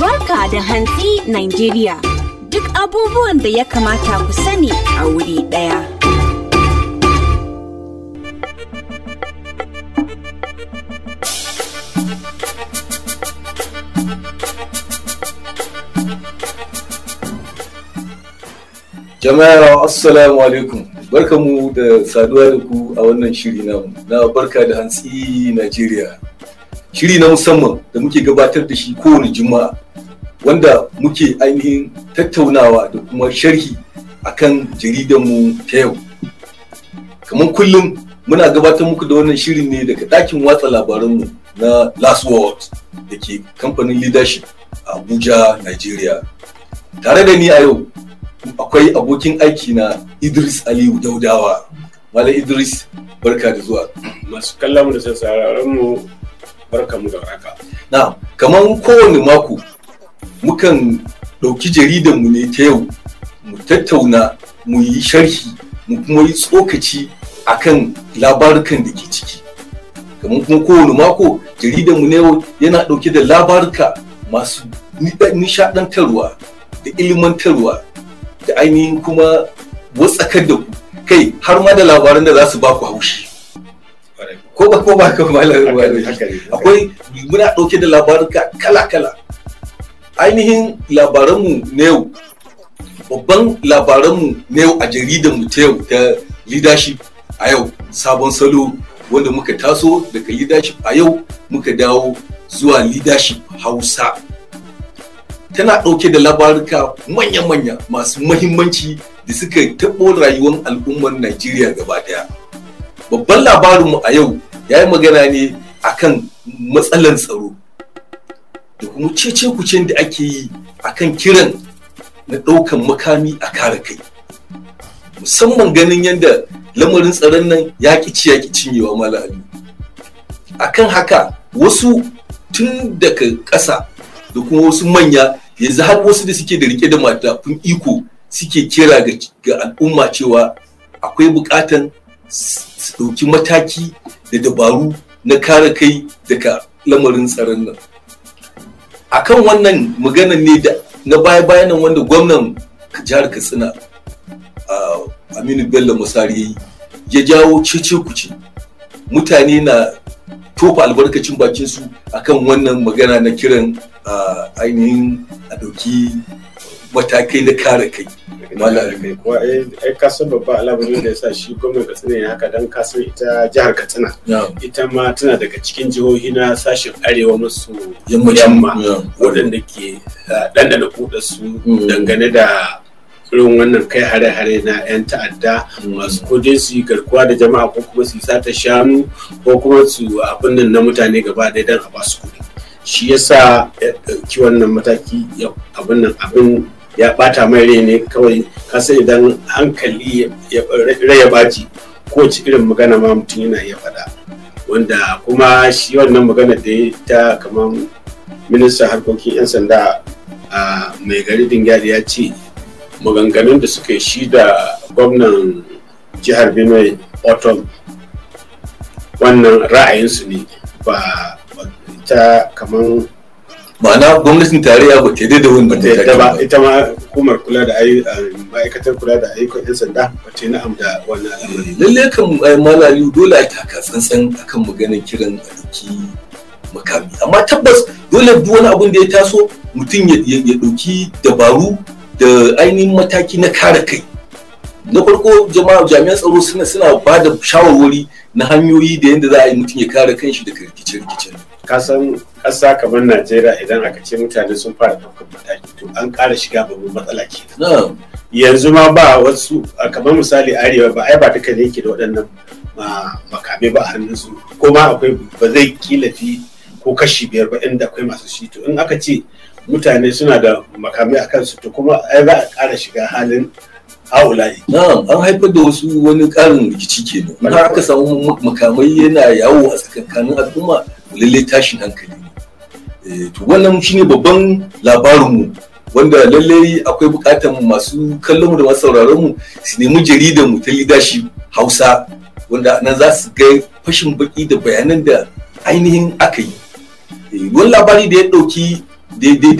Barka da hantsi Nigeria duk abubuwan da ya kamata ku sani a wuri ɗaya. jama'a assalamu alaikum barkamu da saduwa da ku a wannan shiri namu na barka da hantsi najeriya shiri na musamman da muke gabatar da shi kowane juma'a wanda muke ainihin tattaunawa da kuma sharhi a akan jaridanmu ta yau kamar kullum muna gabatar muku da wannan shirin ne daga ɗakin watsa labaranmu na last world da ke kamfanin leadership a abuja nigeria tare da ni a yau akwai abokin aiki na idris aliyu daudawa malam idris barka da zuwa masu kallon da sauraron mu barkamu da haka na kamar kowane mako mukan ɗauki jaridanmu mu ne ta yau mu tattauna mu yi sharhi mu kuma yi tsokaci kan labarukan da ke ciki kamar kuma kowane mako jaridanmu mu na yau yana ɗauke da labaruka masu nishaɗantarwa da ilmantarwa da ainihin kuma watsakar da ku kai har ma da labaran da za su ba ku haushi ko ba ko ba ka ne akwai muna ɗauke da labaruka kala-kala ainihin labaranmu na yau babban labaranmu na yau a jaridanmu ta yau ta leadership a yau sabon salo wanda muka taso daga leadership a yau muka dawo zuwa leadership hausa tana ɗauke da labaruka manya-manya masu mahimmanci da suka taɓo rayuwar al'ummar najeriya gaba ɗaya babban labarinmu a yau ya yi magana ne a kan matsalan tsaro da kuma cece kucin da ake yi a kan kiran na ɗaukan makami a kare kai musamman ganin yadda lamarin tsaron nan ya ci ya cinyewa malami. A kan haka wasu tun daga ƙasa da kuma wasu manya yanzu har wasu da suke da rike da matafin iko suke kira ga al'umma cewa akwai buƙatan su ɗauki mataki da dabaru na kare kai daga lamarin tsaron nan A kan wannan maganan ne da na baya bayan nan wanda gwamnan jihar katsina ah, aminu bello musari ya jawo cece kuce mutane na tofa albarkacin bakin su akan wannan magana na kiran ah, ainihin a ɗauki matakai na kare kai malami eh, ai ka san babba alamun da yasa shi gwamnan Katsina ya haka dan ka san ita jihar Katsina ita ma tana daga cikin jihohi na sashen arewa maso yamma waɗanda ke eh, ɗanɗana kudar su mm. dangane da irin wannan kai hare-hare na 'yan ta'adda mm. masu kudin su garkuwa da jama'a ko kuma su sata shanu ko kuma su abin nan na mutane gaba ɗaya don a basu kuɗi shi yasa ya ɗauki wannan mataki abin nan abin ya bata mai rai ne kawai kasa idan hankali rai ya baci ko cikin irin magana ma mutum yana iya faɗa wanda kuma shi wannan magana da ya ta kamar ministan harkokin 'yan sanda a mai gari dingyari ya ce maganganun da suka yi shi da gwamnan jihar benue autumn wannan ra'ayinsu ne ba ta kamar ma'ana gwamnatin tarayya ba ta da wani mataki ba ita ma hukumar kula da eh, ma'aikatar kula da ayyukan yan sanda ba ce na amda wannan al'amari eh, lalle kan eh, malami dole a taka tsantsan akan maganar kiran aliki makami amma tabbas dole duk wani abun da ya taso mutum ya dauki dabaru da ainihin mataki na kare kai na farko jama'a jami'an tsaro suna suna ba da shawarwari na hanyoyi da yadda za a yi mutum ya kare kanshi daga rikice-rikicen kasan ƙasa kamar najeriya idan aka ce mutane sun fara ɗaukar mataki to an ƙara shiga babban matsala ke yanzu ma ba wasu kamar misali arewa ba ai ba duka ne yake da waɗannan makamai ba a hannunsu ko ma akwai ba zai kila fi ko kashi biyar ba inda akwai masu shi to in aka ce mutane suna da makamai a kansu to kuma ai za a ƙara shiga halin haulayi. an haifar da wasu wani ƙarin rikici kenan. Har aka samu makamai yana yawo a tsakankanin al'umma lalle tashin hankali ne eh, to wannan shine babban labarinmu wanda lallai akwai bukatar masu kallon mu da masu sauraron mu su nemi jaridar mu ta leadership Hausa wanda nan za su ga fashin baki da bayanan da ainihin aka yi eh, wani labari da ya dauki daidai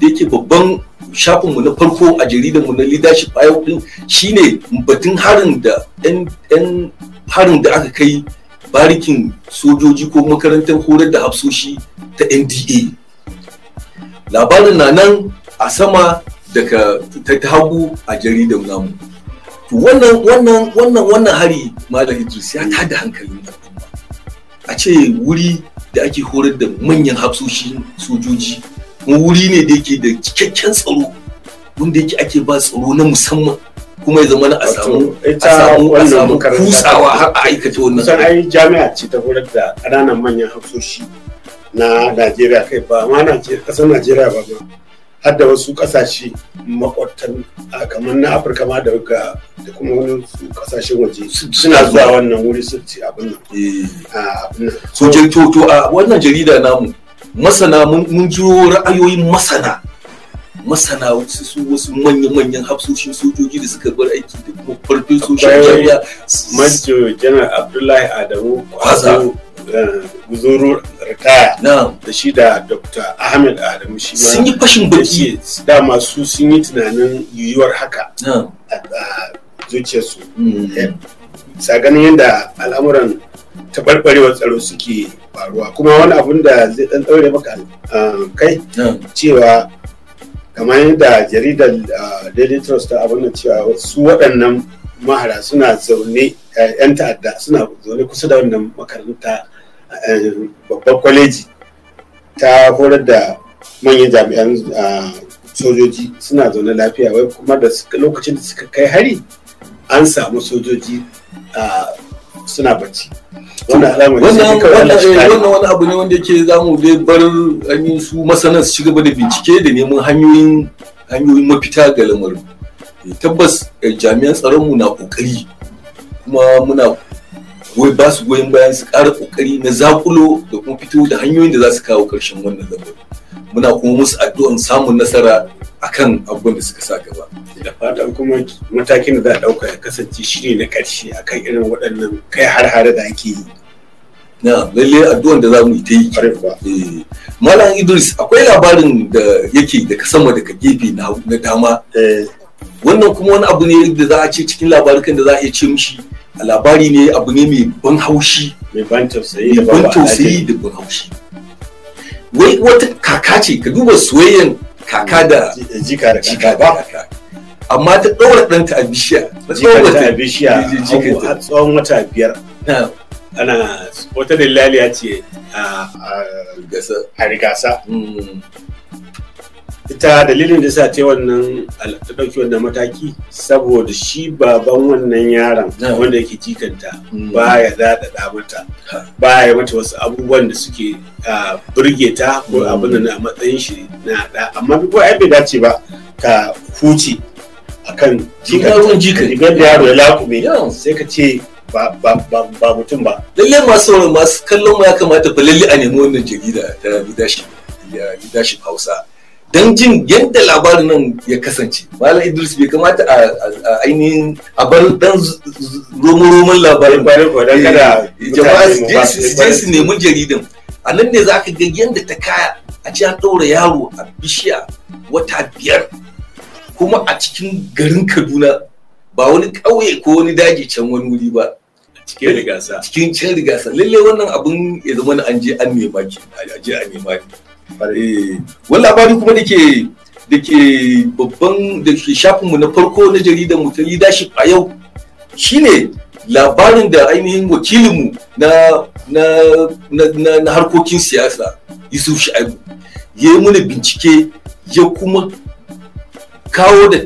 da ke babban mu na farko a jaridar mu na leadership a yau din shine batun harin da harin da aka kai barikin sojoji ko makarantar horar da hafsoshi ta nda labarin na nan a sama daga ta hagu a jaridar namu to wannan wannan wannan wannan hari malam idris ya tada hankalin al'umma a ce wuri da ake horar da manyan hafsoshi sojoji wuri ne da yake da cikakken tsaro wanda yake ake ba tsaro na musamman kuma ya zama a samu a samu a samu kusawa har a aikata wannan sai ai jami'a ce ta horar da ƙananan manyan hafsoshi na Najeriya kai ba ma Najeriya ƙasar Najeriya ba ma har da wasu kasashe makwabtan kamar na afirka ma da da kuma wani kasashen waje suna zuwa wannan wuri su ci abin nan eh. so to a wannan jarida namu masana mun jiro ra'ayoyin masana masana wasu su wasu manya-manyan hafsoshin sojoji da suka bar aiki da kuma farfin sojin jami'a manjo janar abdullahi adamu kwazo eh, guzuru ritaya da shi da dr ahmed adamu shi ma sun yi fashin baki dama su sun yi tunanin yiwuwar haka a zuciyarsu mm. eh, ganin yadda al'amuran taɓarɓarewar tsaro suke faruwa kuma wani abun da zai ɗan ɗaure maka eh, kai cewa kamar yadda jaridar ah, daily trust ta abin cewa su waɗannan mahara suna zaune eh, 'yan ta'adda suna zaune kusa da wannan makaranta eh, babbar kwaleji ta horar da manyan jami'an ah, sojoji suna zaune lafiya wai kuma da lokacin da suka kai hari an samu sojoji ah, suna bacci eh, wannan wani abu ne wanda yake zamu dai bar su masana su gaba da bincike da neman hanyoyin hanyoyin mafita ga lamarin eh, tabbas eh, jami'an tsaron mu na kokari kuma muna goyi ba su goyon bayan su kara kokari na zakulo da kuma fito da hanyoyin da za su kawo ƙarshen wannan lamarin muna kuma musu addu'an samun nasara akan abubuwan da suka sa gaba da fatan kuma matakin da za a dauka ya kasance shine na karshe akan irin waɗannan kai har hare da ake yi na lalle addu'an da za mu yi ta yi eh, malam idris akwai labarin da yake da ka sama daga gefe na dama eh. wannan kuma wani abu ne da za a ce cikin labarukan da za a iya ce mishi a labari ne abu ne mai ban haushi mai ban tausayi da ban haushi wai wata kaka ce ka duba soyayyen kaka da jika da kaka ba amma ta ɗaura ɗanta a bishiya jika ta bishiya a tsawon wata biyar ana wata dillaliya ce a rigasa mm. ita dalilin da sa ta wannan ta ɗauki wannan mataki saboda shi baban wannan yaron wanda yake jikanta mm. ba ya daɗaɗa mata ba ya mata wasu abubuwan da suke burge ta ko mm. abin da na matsayin shi na ɗa amma ko ai bai dace ba ka huce akan kan. jigar da yaro ya lakume sai ka ce ba mutum ba lallai masu masu kallon ma ya kamata ba lalle a nemi wannan jarida ta leadership hausa don jin yadda labarin nan ya kasance malam idris bai kamata a ainihin a bar dan romo labarin labarin eh, jama'a je su nemi jaridan a nan ne za ka ga yadda ta kaya a ce ɗaura yaro a bishiya wata biyar kuma a cikin garin kaduna ba wani ƙauye ko wani daji can wani wuri ba cikin rigasa cikin rigasa lallai wannan abin ya zama na an je an nema ki a wani labari kuma da ke da babban da ke shafinmu na farko na jaridar mu ta leadership a yau shine labarin da ainihin wakilinmu na na na na harkokin siyasa Yusuf Shaibu ya yi mana bincike ya kuma kawo da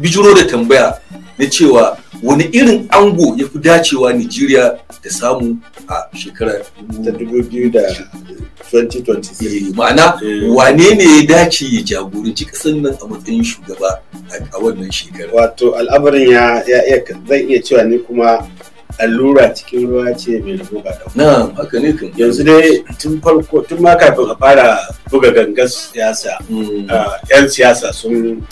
bijiro da tambaya na cewa wani irin ango ya fi dacewa Nigeria da samu a shekarar 2026 eh, ma'ana eh. wane ne ya dace ya jagoranci ƙasar nan a matsayin shugaba a wannan shekarar wato al'amarin ya iya zan iya cewa ne kuma allura cikin ruwa ce mai rubu ba da na haka ne kan yanzu dai tun farko tun ma kafin a fara buga gangan siyasa yan hmm. ah, siyasa sun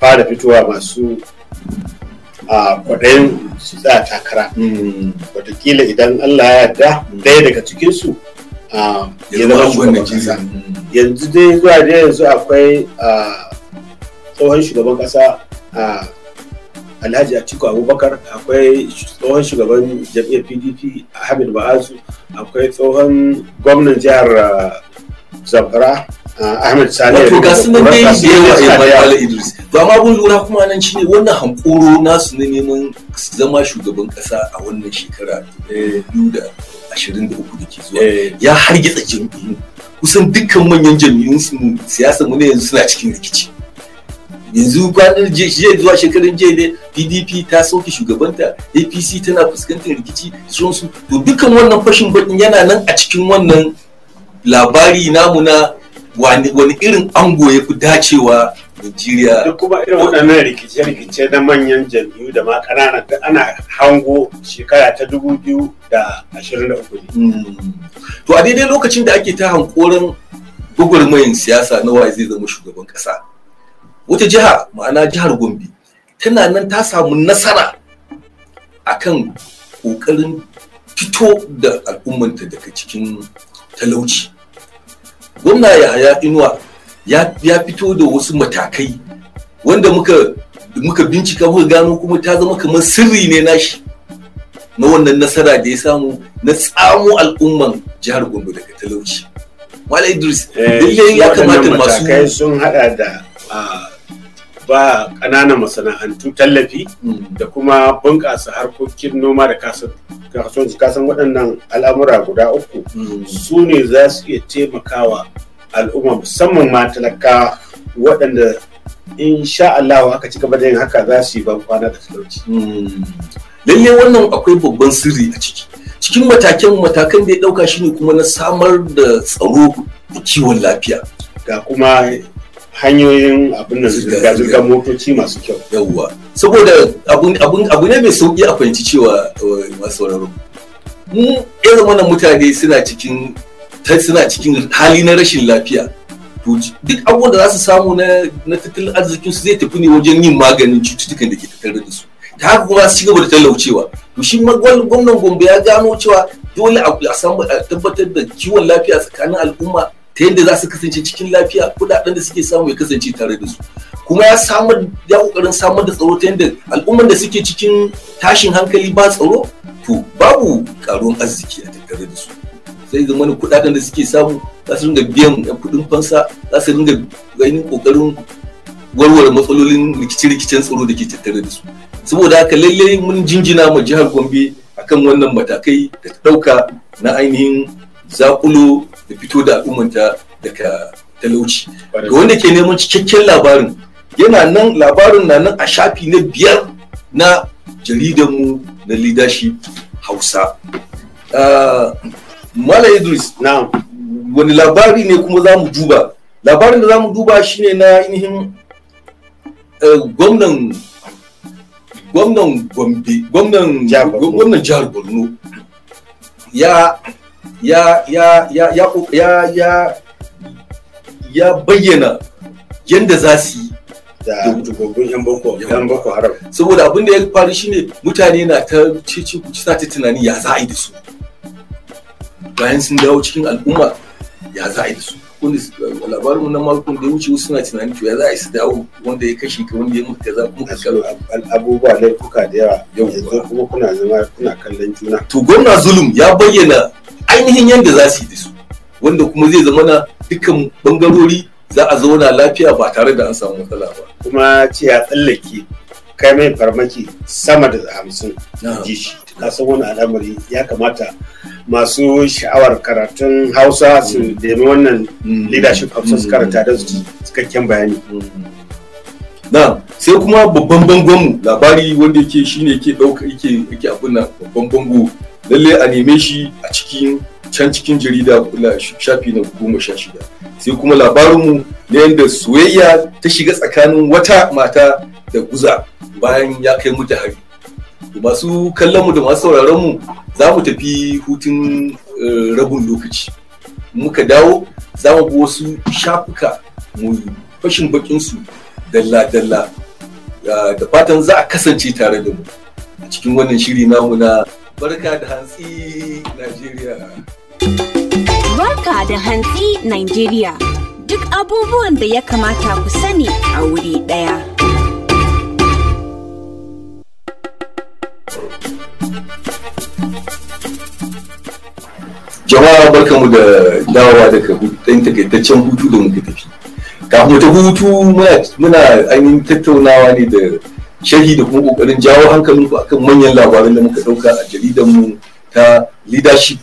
fara fitowa masu a kwaɗayin su tsaya takara watakila idan allah ya yarda ɗaya daga cikinsu ya zama shugaban kasa yanzu dai zuwa dai yanzu akwai tsohon shugaban kasa alhaji atiku abubakar akwai tsohon shugaban jam'iyyar pdp hamid ba'azu akwai tsohon gwamnan jihar zamfara Uh, Ahmed Sani wato ga dai da yawa Idris to amma lura kuma nan wannan hankoro nasu na neman zama shugaban kasa a wannan shekara biyu da ke zuwa eh. ya hargitsa jam'iyyu kusan dukkan manyan jam'iyyun su mu ne yanzu suna cikin rikici yanzu kwanan jiya zuwa shekarun jiya ne pdp ta sauke shugabanta apc tana fuskantar rikici su to dukkan wannan fashin bakin yana nan a cikin wannan labari namu na wani irin ango ya fi dacewa Najeriya. Duk kuma irin waɗannan rikice-rikice na manyan jam'iyyu da ma ƙananan da ana hango shekara ta dubu biyu da ashirin da uku hmm. To a daidai lokacin da ake ta hankoran gwagwarmayin siyasa na wa zai zama shugaban ƙasa. Wata jiha ma'ana jihar Gombe tana nan ta samu nasara a kan ƙoƙarin fito da al'ummanta daga cikin talauci. gwamna yahaya inuwa ya fito da wasu matakai wanda muka muka bincika muka gano kuma ta zama kamar sirri ne nashi na wannan nasara da ya samu na tsamo al'umman jihar Gombe daga talauci. Mala Idris, eh, lalle ya kamata masu sun hada da ah, ba ƙananan masana'antu tallafi da kuma bunƙasa harkokin noma da kasuwanci kasan waɗannan al'amura guda uku su ne za su iya taimakawa al'umma musamman ma talaka waɗanda in sha Allah aka ci gaba da yin haka za su yi ban kwana da talauci. Lalle wannan akwai babban sirri a ciki. Cikin matakan matakan da ya ɗauka shine kuma na samar da tsaro da kiwon lafiya. Ga kuma hanyoyin abin da zirga-zirgar motoci masu kyau. Yawwa, saboda abu ne mai sauƙi a fahimci cewa eh, masu sauraro. Mu irin wannan mutane suna cikin suna cikin hali na rashin lafiya. Duk abubuwan da za su samu na tattalin arzikin su zai tafi ne wajen yin maganin cututtukan da ke tattare da su. Ta haka kuma su ci gaba da talaucewa. To shi gwamnan Gombe ya gano cewa dole a samu a tabbatar da kiwon lafiya tsakanin al'umma ta yadda za su kasance cikin lafiya kudaden da suke samu ya kasance tare da su kuma ya samar ya kokarin samar da tsaro ta yadda al'umman da suke cikin tashin hankali ba tsaro to babu karuwan arziki a tattare da su sai zama ne kudaden da suke samu za su ringa biyan kudin fansa za su ringa ganin kokarin warware matsalolin rikice-rikicen tsaro da ke tattare da su saboda haka lallai mun jinjina ma jihar gombe akan wannan matakai da ta ɗauka na ainihin zakulo da fito da al'ummanta daga talauci ga wanda ke neman cikakken labarin yana nan labarin na nan a shafi na biyar na jaridanmu na leadership hausa ah, mala idris na wani labari ne kuma za mu duba labarin da za mu duba shine na ainihin eh, gwamnan gwamnan gwamnan jihar borno ya ya ya ya ya ya ya ya bayyana yadda za su yi da dubban yan boko yan boko haram saboda abin da ya faru shine mutane na ta cece ku ta tunani ya za a yi da su bayan sun dawo cikin al'umma ya za a yi da su da labarin na makon da ya wuce suna tunanin to ya za a yi su dawo wanda ya kashe ka wanda ya muka kaza muka kalo abubuwa laifuka da yawa yanzu kuma kuna zama kuna kallon juna to gwamna zulum ya bayyana ainihin yadda za su yi da su wanda kuma zai zama na dukkan bangarori za a zauna lafiya ba tare da an samu matsala ba kuma ce ya tsallake kai mai farmaki sama da hamsin ji shi ta san wani al'amari ya kamata masu sha'awar karatun hausa su mm. nemi wannan mm. leadership of mm. su karanta da su cikakken bayani na sai kuma babban bangonmu labari wanda yake shine ke ɗauka yake abin nan babban bango Lallai a neme shi a cikin can cikin jarida shafi na goma sha shida sai kuma labarinmu na yadda soyayya ta shiga tsakanin wata mata da guza bayan ya kai mu hari masu kallonmu da masu sauraronmu za mu tafi hutun eh, rabin lokaci muka dawo za mu bi wasu shafuka mu fashin bakinsu dalla-dalla ah, da fatan za a kasance tare da mu a cikin wannan shiri namu na Barka da hantsi Najeriya. Barka da hantsi Najeriya. Duk abubuwan da ya kamata ku sani a wuri ɗaya. Jama'a mu da dawowa daga ɗan takaitaccen hutu da muka tafi. Kafin ta hutu muna ainihin tattaunawa ne da sharhi da kuma kokarin jawo hankalin ku akan manyan labaran da muka dauka a jaridar mu ta leadership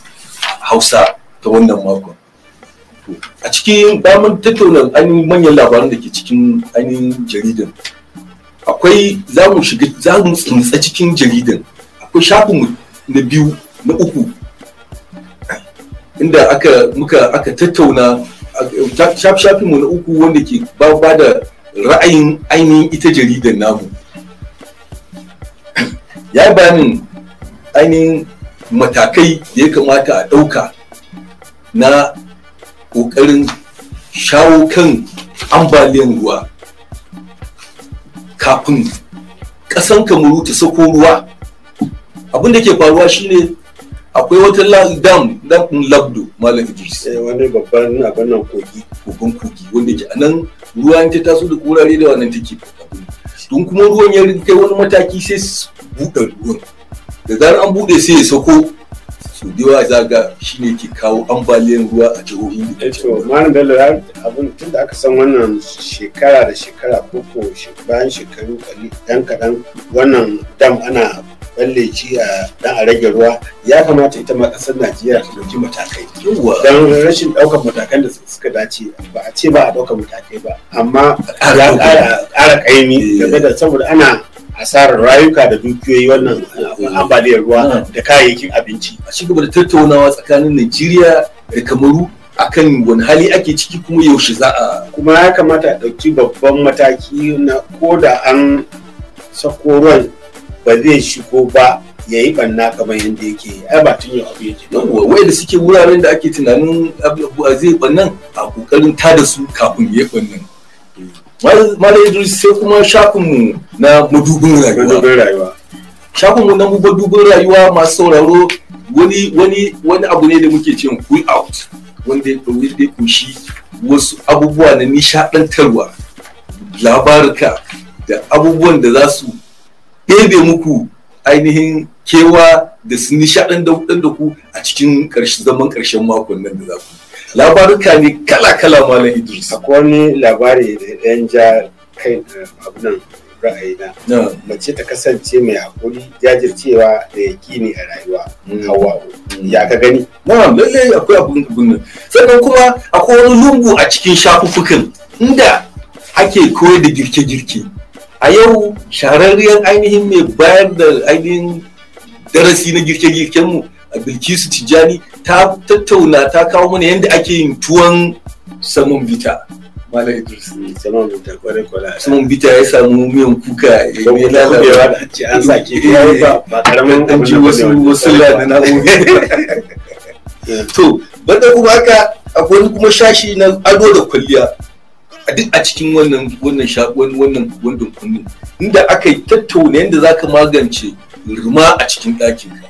Hausa ta wannan makon a cikin damar tattauna ainihin manyan labaran da ke cikin ainihin jaridan akwai za mu shiga za tsinsa cikin jaridan akwai shafin na biyu na uku inda aka muka aka tattauna shafin mu na uku wanda ke ba da ra'ayin ainihin ita jaridan namu ya ni ainihin matakai da ya kamata a ɗauka na ƙoƙarin shawo kan ambaliyan ruwa kafin ƙasan kamaru ta sako ruwa abin da ke faruwa shine akwai wata dam dam kun labdo malam idris eh, wani babban abin nan kogi kogi wanda ke anan ruwa ta taso da kurare da wannan take don kuma ruwan ya kai wani mataki sai buɗe ruwan da zarar an buɗe sai ya sako su yawa zaga shine ke kawo ambaliyan ruwa a jihohin da eh to malam bello abin tun da aka san wannan shekara da shekara ko bayan shekaru dan kadan wannan dam ana balle ci a dan a rage ruwa ya kamata ita ma kasar Najeriya ta dauki matakai dan rashin daukar matakan da suka dace ba a ce ba a daukar matakai ba amma ya ƙara kaimi eh. game da saboda ana asarar rayuka da dukiyoyi wannan ambaliyar ruwa hmm. da kayayyakin abinci a ci gaba da tattaunawa tsakanin Najeriya da Kamaru akan wani hali ake ciki kuma yaushe za a kuma ya kamata a ɗauki babban mataki na ko da an sako ruwan ba zai shigo ba ya yi banna kamar yadda yake ke. ai ba tun yau abu yake nan wai da suke wuraren da ake tunanin abu zai bannan a kokarin tada su kafin ya bannan mara yadda sai kuma shafinmu na madubin rayuwa shafinmu na madubin rayuwa masu sauraro wani wani wani abu ne da muke cewa pull out wanda ya kunshi wasu abubuwa na nishadantarwa labarka da abubuwan da za su ɗebe muku ainihin kewa da su nishaɗin da ku a cikin zaman ƙarshen makon nan da za ku labaruka ne kala-kala malam idris akwai wani labari da ɗan ja kai ra'ayi ra'ayina mace ta kasance mai hakuri jajircewa da yakini a rayuwa mm. hawa mm. ya ka gani na'am lalle akwai abun nan sannan kuma akwai wani lungu a cikin shafuffukan inda ake koyar da girke-girke a yau shahararriyar ainihin mai bayar da ainihin darasi na girke-girkenmu a bilkisu tijjani ta tattauna ta kawo mana yadda ake yin tuwon samun bita Malam Idris. Saman bita kwarai kwala. Saman bita ya samu miyan kuka ya yi lalawa. Ce an sake eh, eh, ba karamin an ji wasu wasu lana na To, banda kuma haka akwai kuma shashi na ado da kwalliya. duk a cikin wannan wannan wannan wannan kunnin inda aka yi tattauna yadda zaka magance ruma a cikin ɗakin ka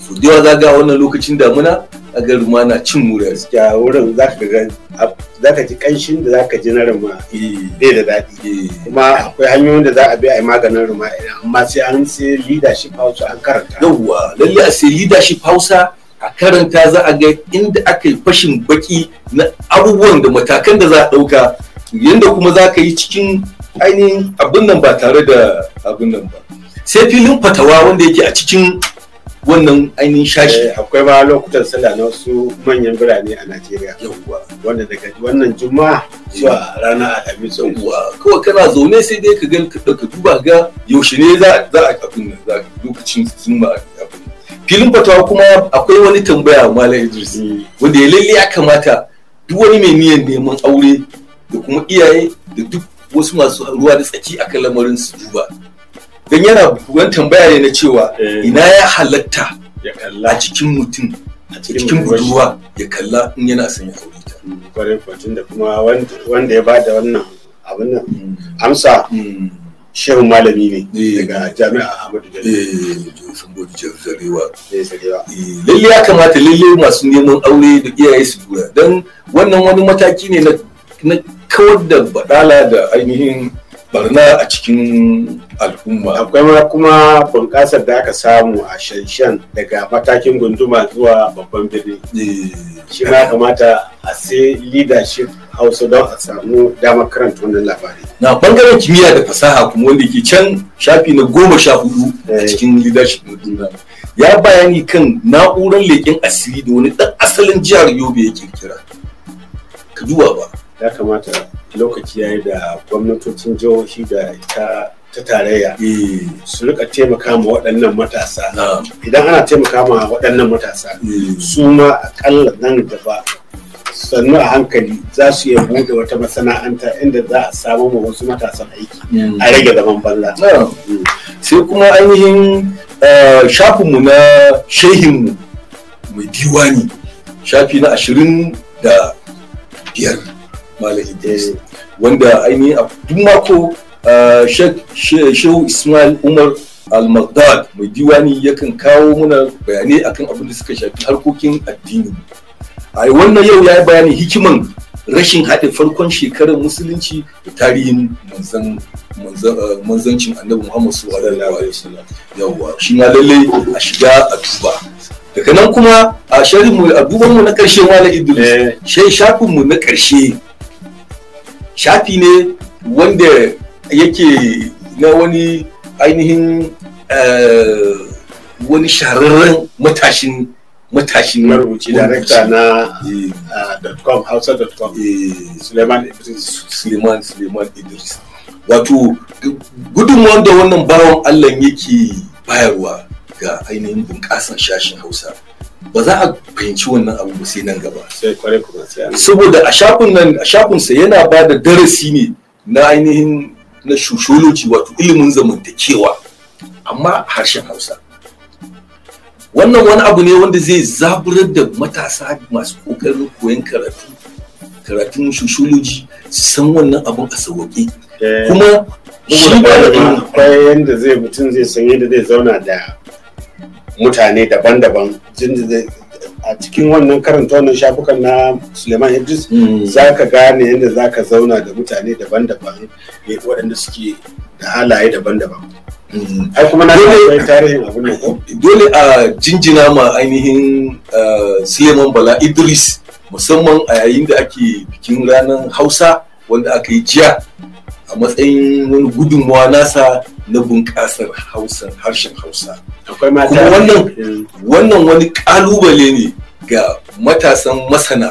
so da yawa za ga wannan lokacin damuna a ga ruma na cin mura gaskiya wurin zaka ga zaka ji kanshin da zaka ji na ruma eh. bai da daɗi eh. kuma akwai hanyoyin da za a bi a yi maganin ruma amma sai an sai leadership hausa an karanta yawwa lalle a sai leadership hausa a karanta za a ga inda aka yi fashin baki na abubuwan da matakan da za a ɗauka yadda kuma za ka yi cikin ainihin abin nan ba tare da abin nan ba sai filin fatawa wanda yake a cikin wannan ainihin shashi eh, akwai ba lokutan sallah na wasu manyan birane a najeriya yawwa wanda daga wannan juma'a zuwa ranar alhamis yawwa kawai kana zaune sai dai ka gan ka duba ga yaushe ne za a abin nan za a lokacin a abin filin fatawa kuma akwai wani tambaya mala idris mm. wanda ya lalle ya kamata duk wani mai niyyar neman aure da kuma iyaye da duk wasu masu ruwa da tsaki akan lamarin su duba don yana bugan tambaya ne na cewa eh. ina ya halatta a cikin mutum a cikin budurwa ya kalla in yana son ya aure ta mm, kwarin fatin da kuma wanda ya bada wannan abin nan mm. amsa shehun malami ne eh. daga jami'a Ahmadu eh, Zarewa. Eh, lalle ya kamata lalle masu neman aure da iyaye su lura don wannan wani mataki ne na kawar da badala da ainihin barna a cikin al'umma. Akwai ma kuma bunƙasar da aka samu a shanshan daga matakin gunduma zuwa babban birni. Eh. Shi ma kamata a sai leadership hausa don a samu damar karanta wannan labari. Na bangaren kimiyya da fasaha kuma wanda ke can shafi na goma sha hudu a eh. cikin leadership na Ya bayani kan na'urar leƙen asiri da wani ɗan asalin jihar Yobe ya kirkira. Ka duba ba. Ya kamata lokaci yayi da gwamnatocin jihohi da ta ta tarayya eh, su rika taimaka ma waɗannan matasa idan ana taimaka ma waɗannan matasa eh. su ma akalla nan gaba sannu a hankali za su iya buɗe wata masana'anta inda za a samu ma wasu matasan aiki mm. a rage zaman balla. Mm. sai kuma ainihin eh, shafinmu na shehinmu mai diwani shafi na ashirin da biyar wanda ainihin a duk mako Shehu Ismail Umar Al-Maghdad mai diwani yakan kawo muna bayanai akan abin da suka shafi harkokin addini. A wannan yau ya yi bayani hikiman rashin haɗe farkon shekarar musulunci da tarihin manzancin annabi Muhammad su alaihi wasallam. Yawwa shi na lalle a shiga a duba. Daga nan kuma a mu a dubanmu na ƙarshe wala Idris, eh. shai shafinmu na ƙarshe shafi ne wanda yake na wani ainihin eh, wani shahararren matashin matashin marubuci darekta na eh. ah, hausa hausa.com eh. suleiman idris suleiman suleiman idris wato gudunmuwan da wannan bawan allah yake bayarwa ga ainihin bunƙasan shashin hausa ba za a fahimci wannan abu ba sai nan gaba saboda a shafin nan a shafin sa yana ba da darasi ne na ainihin na sociology wato ilimin zamantakewa amma harshen hausa wannan wani abu ne wanda zai zaburar da matasa masu kokarin koyon karatu karatun sociology san wannan abun a sauƙi eh, kuma shi ba da yanda zai mutum zai san yadda zai zauna da mutane daban-daban a cikin wannan karanta wannan shafukan na suleiman idris hmm. za ka gane yadda za ka zauna da mutane daban-daban eh, waɗanda suke da halaye daban-daban hmm. ai kuma na kai tarihin abin dole a jinjina ma ainihin eh, suleiman bala idris musamman a yayin da ake bikin ranar hausa wanda aka yi jiya a matsayin wani gudunmawa nasa na bunƙasar hausa harshen hausa akwai wannan wannan wani ƙalubale ne ga matasan masana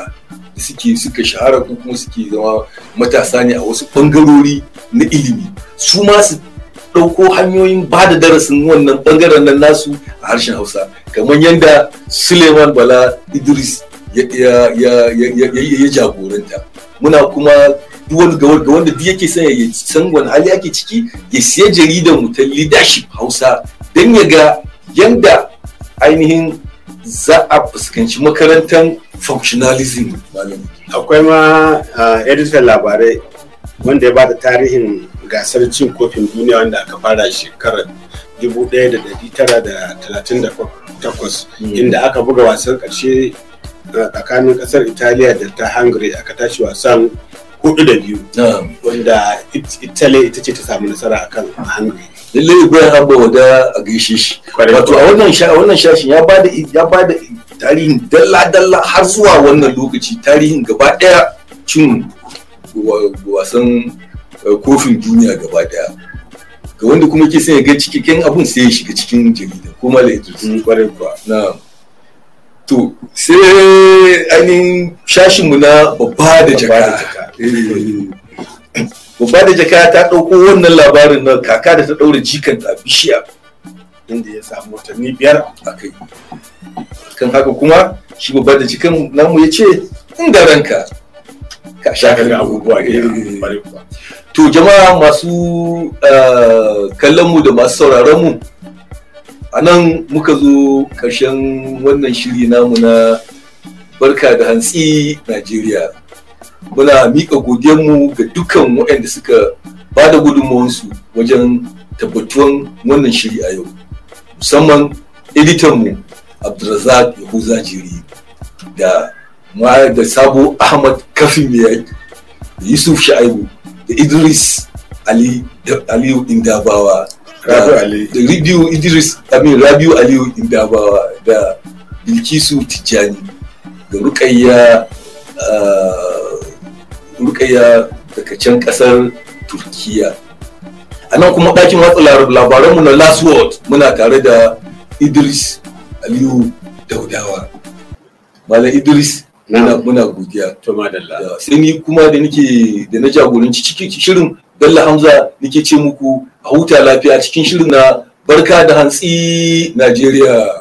da suke suka shahara ko kuma suke zama matasa ne a wasu ɓangarori na ilimi su ma su ɗauko hanyoyin ba da darasin wannan ɓangaren nan nasu a harshen hausa kamar yadda suleiman bala idris ya jagoranta muna kuma wani ga wanda duk yake son ya san wani hali ake ciki ya siya jaridar mu ta leadership hausa don ya ga yanda ainihin za a fuskanci makarantar functionalism akwai ma editor labarai wanda ya bada tarihin gasar cin kofin duniya wanda aka fara shekarar 1938 hmm. inda aka buga wasan ƙarshe tsakanin ƙasar italiya da ta hungary aka tashi wasan hudu da biyu wanda italy ita ce ta samu nasara a kan hannu lallai ibrahim abba wada a gaishe shi wato a wannan shashin ya bada ya bada tarihin dalla-dalla har zuwa wannan lokaci tarihin gaba daya cin wasan eh, kofin duniya gaba daya ga wanda kuma ke son ya ga cikakken abun sai ya shiga cikin jarida ko mala idris mm, kwarai kuwa na to sai ainihin shashinmu na babba da jaka Eh. babba da jaka ta ɗauko wannan labarin na kaka da ta ɗaure jikan ta bishiya inda ya samu watanni biyar a kai kan haka kuma shi babba da jikan namu ya ce in da ranka ka sha ka abubuwa eh, to jama'a masu eh, kallon mu da masu sauraron mu a nan muka zo ƙarshen wannan shiri namu na barka da hantsi najeriya muna miƙa godiyanmu ga dukkan waɗanda suka ba da gudunmuwansu wajen tabbatuwan wannan shiri a yau musamman editanmu abdulrazak yahuza jiri da da sabo ahmad kafin da yusuf sha'ibu da idris ali aliyu indabawa da rabiu idris amin rabiu aliyu indabawa da bilkisu tijjani da rukayya uh, rukayya daga can kasar turkiya a nan kuma ɗakin watsa labaran mu na last word muna tare da idris aliyu daudawa malam idris muna godiya sai ni kuma da nake da na jagoranci cikin shirin bello hamza nake ce muku a huta lafiya cikin shirin na barka da hantsi najeriya